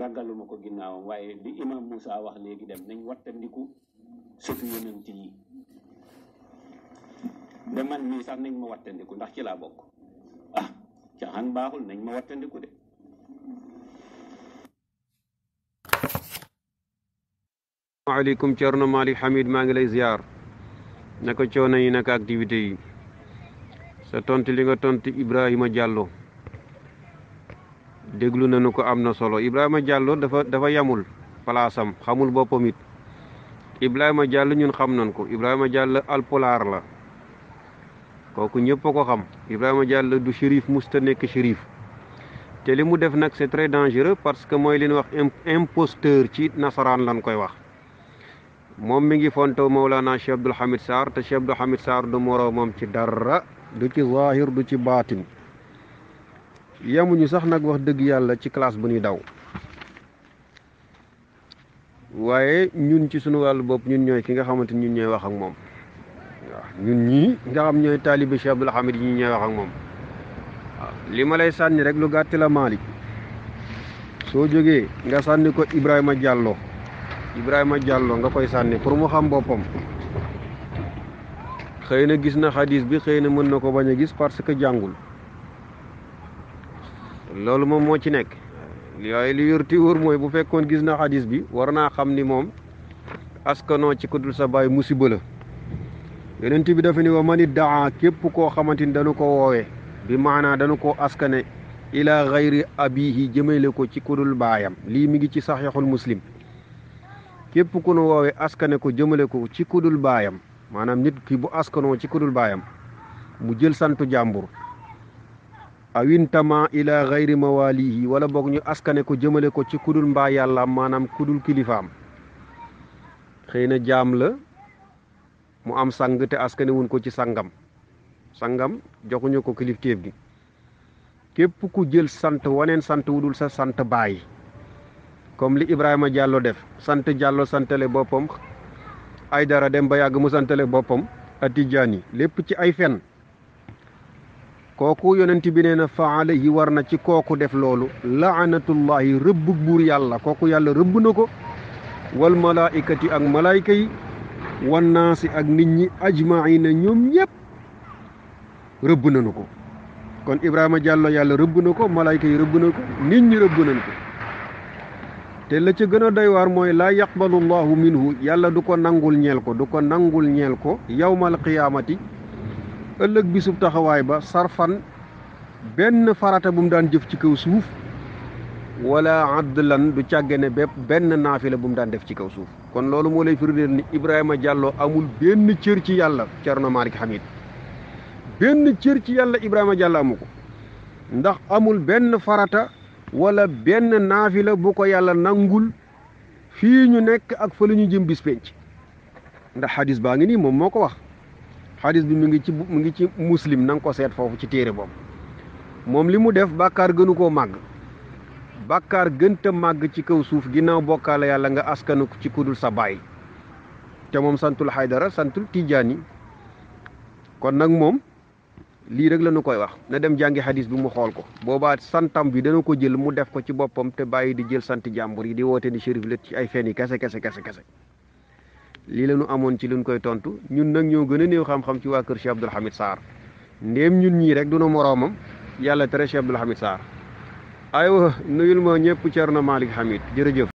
ragaluma ko ginnaawam waaye di imam Moussa wax léegi dem nañ wattandiku sëtu yonent yi de man mii sax nañ ma wattandiku ndax ci laa bokk ah caaxaan baaxul nañ ma wattandiku de asalaamaaleykum Thierno Malick Hamid maa ngi lay ziar naka coono yi naka activité yi sa tontu li nga tontu Ibrahima Diallo Deglu nañu ko amna solo Ibrahima Diallo dafa dafa yamul plaasam xamul boppam it Ibrahima Diallo ñun xam nañ ko Ibrahima Diallo polar la koku ñepp ko xam Ibrahima Diallo du shérif musta nek shérif té limu def nak c'est très dangereux parce que moy liñ wax imposteur ci nasaran lañ koy wax mom mi ngi fonto maulana Cheikh Hamid sar te Cheikh Hamid sar du mom ci dara du ci zahir du ci batin yemuñu sax nag wax dëgg yàlla ci classe bu ñuy daw waaye ñun ci suñu wàll bopp ñun ñooy ki nga xamante ñun ñooy wax ak moom waaw ñun ñii nga xam ñooy taalibe Cheikh Abdoul Hamid yi ñooy wax ak moom waaw li ma lay sànni rek lu gàtt la Malick soo jógee nga sànni ko Ibrahima jàlloo Ibrahima jàlloo nga koy sànni pour mu xam boppam xëy na gis na xadiis bi xëy na mën na ko bañ a gis parce que jàngul loolu moom moo ci nekk yooyu li yurti wóor mooy bu fekkoon gis na xadis bi war naa xam ni moom askanoo ci ku dul sa baay musiba la yonent bi dafa ni wa man iddaa képp koo xamante ni dañu ko woowee bi maanaa dañu ko askane ila xayri abihi jëmale ko ci ku dul baayam lii mi ngi ci saxiixul muslim képp ku nu woowee askane ko jëmale ko ci ku dul baayam maanaam nit ki bu askanoo ci ku baayam mu jël santu jàmbur awintama ila gayri mawalihi wala boog ñu askane ko jëmale ko ci kudul mbaa yàlla maanaam kudul kilifaam xëy na jaam la mu am sang te askane wuñ ko ci sangam sangam joxuñu ko kilifteef gi képp ku jël sant waneen sant wudul sa sant baay comme li Ibrahima jàlloo def sant Diallo santale boppam dara dem ba yàgg mu santale boppam Atijaan yi lépp ci ay fen kooku yonent bi nee na fa war na ci kooku def loolu laanatullahi rëbb buur yàlla kooku yàlla rëbb na ko wal malaikati ak malayka yi wan naasi ak nit ñi ajmaina ñoom ñëpp rëbb nañu ko kon Ibrahima jàllo yàlla rëbb na ko malayka yi rëbb ko nit ñi rëbb ko te la ca gën a doy war mooy laa yaqbalu llahu minhu yàlla du ko nangul ñeel ko du ko nangul ñeel ko yawmal qiyaamati ëllëg bisub taxawaay ba sarfan benn farata bu mu daan jëf ci kaw suuf walla adlan du càggane bépp benn naafi la bu mu daan def ci kaw suuf kon loolu moo lay firndeel ni Ibrahima jàlloo amul benn cër ci yàlla Cerno Malick Hamid benn cër ci yàlla Ibrahima Diallo amu ko ndax amul benn farata wala benn naafila bu ko yàlla nangul fii ñu nekk ak fa jëm bis penc ndax xadis baa ngi nii moom moo ko wax xadis bi mu ngi ci mu ngi ci muslim na ko seet foofu ci téere boobu moom li mu def bàkkaar gënu koo màgg bàkkaar gënta màgg ci kaw suuf ginnaaw bokkaale yàlla nga askanu ci kudul sa baay te moom santul xaydara santul tijaani kon nag moom lii rek la ñu koy wax na dem jàngi xadis bi mu xool ko boobaat santam bi dana ko jël mu def ko ci boppam te bàyyi di jël sant jàmbur yi di woote ni shérif la ci ay fen yi kese kese kese kese lii la ñu amoon ci luñ koy tontu ñun nag ñoo gën a néew xam-xam ci waa kër Cheikh Abdoul Hamid saar ndéem ñun ñii rek duna moroomam yàlla tere Cheikh Abdoul Hamid Sarr aywa nuyul ma ñëpp Thierno Malick Hamid jërëjëf.